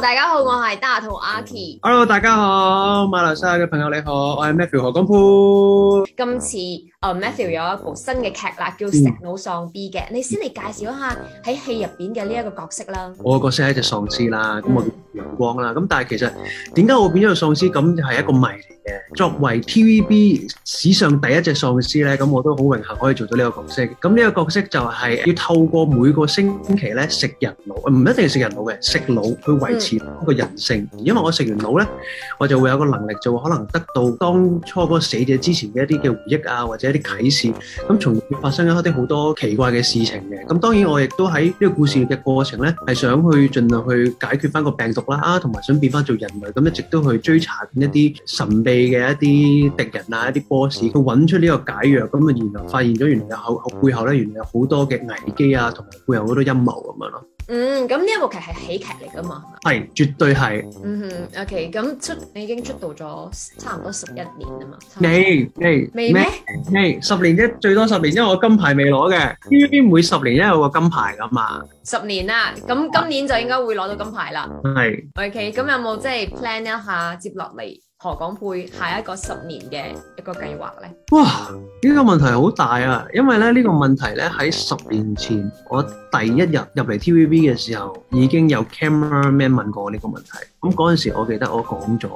大家好，我係大頭阿 Key。Hello，大家好，馬來西亞嘅朋友你好，我係 Matthew 何金富。今次啊，uh，Matthew 有一部新嘅劇啦，叫《食腦喪 B》嘅，嗯、你先嚟介紹一下喺戲入邊嘅呢一個角色啦。我嘅角色係一隻喪屍啦，咁、嗯嗯、我叫陽光啦，咁但係其實點解我變咗個喪屍咁係一個謎。作為 TVB 史上第一隻喪屍呢，咁我都好榮幸可以做到呢個角色。咁呢個角色就係要透過每個星期呢，食人腦，唔一定係食人腦嘅，食腦去維持一個人性。嗯、因為我食完腦呢，我就會有個能力，就可能得到當初嗰個死者之前嘅一啲嘅回憶啊，或者一啲啟示。咁從而發生咗一啲好多奇怪嘅事情嘅。咁當然我亦都喺呢個故事嘅過程呢，係想去盡量去解決翻個病毒啦，啊，同埋想變翻做人類，咁一直都去追查一啲神秘，嘅一啲敵人啊，一啲 boss，佢揾出呢個解藥咁啊，原來發現咗，原來有後後背後咧，原來有好多嘅危機啊，同埋背後好多陰謀咁樣咯。嗯，咁呢一部劇係喜劇嚟㗎嘛？係，絕對係。嗯哼，OK，咁出你已經出道咗差唔多十一年啊嘛。你你未咩？你十年啫，最多十年，因為我金牌未攞嘅。TVB 每十年都有個金牌㗎嘛。十年啦，咁今年就應該會攞到金牌啦。係，OK，咁有冇即係 plan 一下接落嚟？何廣沛下一個十年嘅一個計劃咧？哇！呢個問題好大啊，因為咧呢個問題咧喺十年前我第一日入嚟 TVB 嘅時候，已經有 camera man 問過我呢個問題。咁嗰陣時候我記得我講咗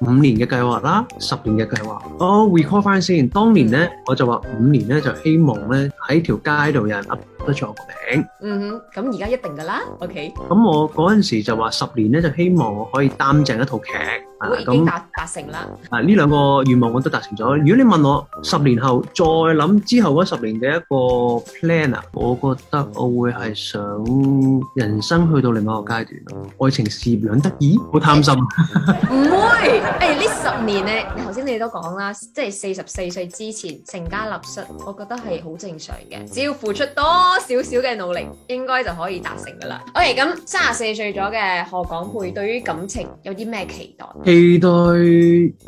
五年嘅計劃啦，十年嘅計劃。我 recall 翻先，當年咧我就話五年咧就希望咧喺條街度有人。得錯名，嗯哼，咁而家一定噶啦，OK，咁我嗰陣時就話十年咧，就希望我可以擔正一套劇，已經達達成啦。啊，呢兩個願望我都達成咗。如果你問我十年後再諗之後嗰十年嘅一個 plan 啊，我覺得我會係想人生去到另外一個階段咯，愛情事業兩得意，好貪心，唔會。誒，呢十年咧，頭先你都講啦，即係四十四歲之前成家立室，我覺得係好正常嘅，只要付出多。多少少嘅努力，應該就可以達成㗎喇。OK，咁三十四歲咗嘅何廣沛對於感情有啲咩期待？期待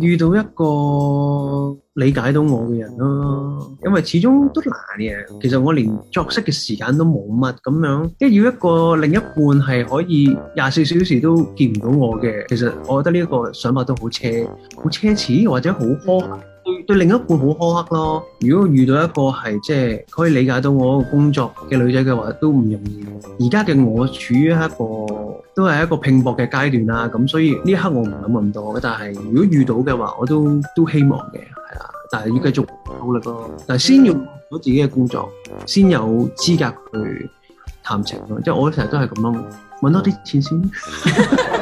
遇到一個理解到我嘅人咯，啊，嗯、因為始終都難嘅。其實我連作息嘅時間都冇乜咁樣，即係要一個另一半係可以廿四小時都見唔到我嘅。其實我覺得呢一個想法都好奢，好奢侈或者好苛。嗯對，對另一半好苛刻咯，如果遇到一個係即係可以理解到我個工作嘅女仔嘅話，都唔容易。而家嘅我處於一個都係一個拼搏嘅階段啦，咁、嗯、所以呢刻我唔諗咁多，但係如果遇到嘅話，我都都希望嘅，係啊，但係要繼續努力咯。但係先要做好自己嘅工作，先有資格去談情咯。即係我成日都係咁樣揾多啲錢先。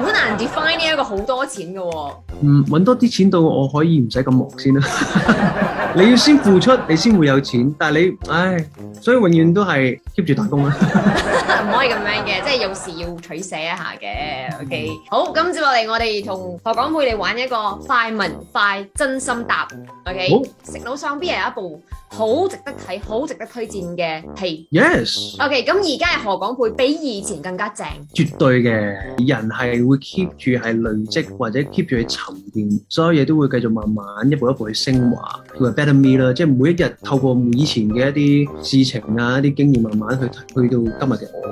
好難 define 呢一個好多錢嘅喎，嗯，揾多啲錢到我可以唔使咁忙先啦、啊。 你要先付出，你先會有錢，但係你，唉，所以永遠都係 keep 住打工啦、啊。 唔可以咁樣嘅，即係有時要取捨一下嘅。OK，好，咁接落嚟我哋同何廣佩嚟玩一個快問快真心答。OK，好食腦上邊有一部好值得睇、好值得推薦嘅戲。Yes。O K，咁而家係何廣佩比以前更加正？絕對嘅，人係會 keep 住係累積或者 keep 住去沉澱，所有嘢都會繼續慢慢一步一步去升華，同埋 better me 啦，即係每一日透過以前嘅一啲事情啊、一啲經驗，慢慢去去到今日嘅我。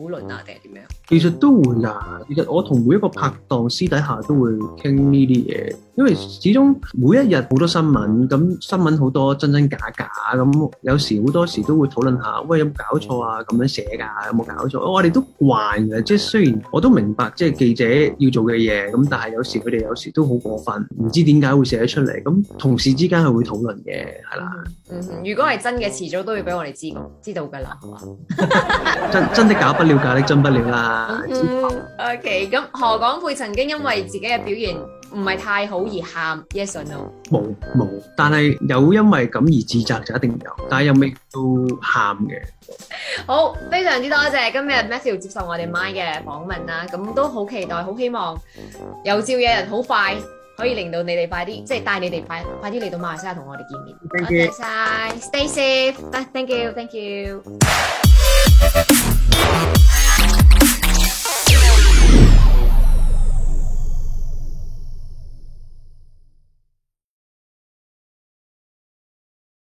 好難定係點樣？其實都會啦。其實我同每一個拍檔私底下都會傾呢啲嘢，因為始終每一日好多新聞，咁新聞好多真真假假，咁有時好多時都會討論下喂有冇搞錯啊？咁樣寫㗎，有冇搞錯？我哋都慣嘅。即係雖然我都明白即係記者要做嘅嘢，咁但係有時佢哋有時都好過分，唔知點解會寫出嚟。咁同事之間係會討論嘅，係啦、嗯嗯。如果係真嘅，遲早都要俾我哋知知道㗎啦，係嘛？真 真的搞不？了解的真不了啦。OK，咁何廣沛曾經因為自己嘅表現唔係太好而喊，Yes or No。冇，冇，但係有因為咁而自責就一定有，但係又未到喊嘅。好，非常之多謝今日 Matthew 接受我哋 My 嘅訪問啦，咁都好期待，好希望有朝一日好快可以令到你哋快啲，即係帶你哋快快啲嚟到馬來西亞同我哋見面。好，再 stay safe，thank you，thank you。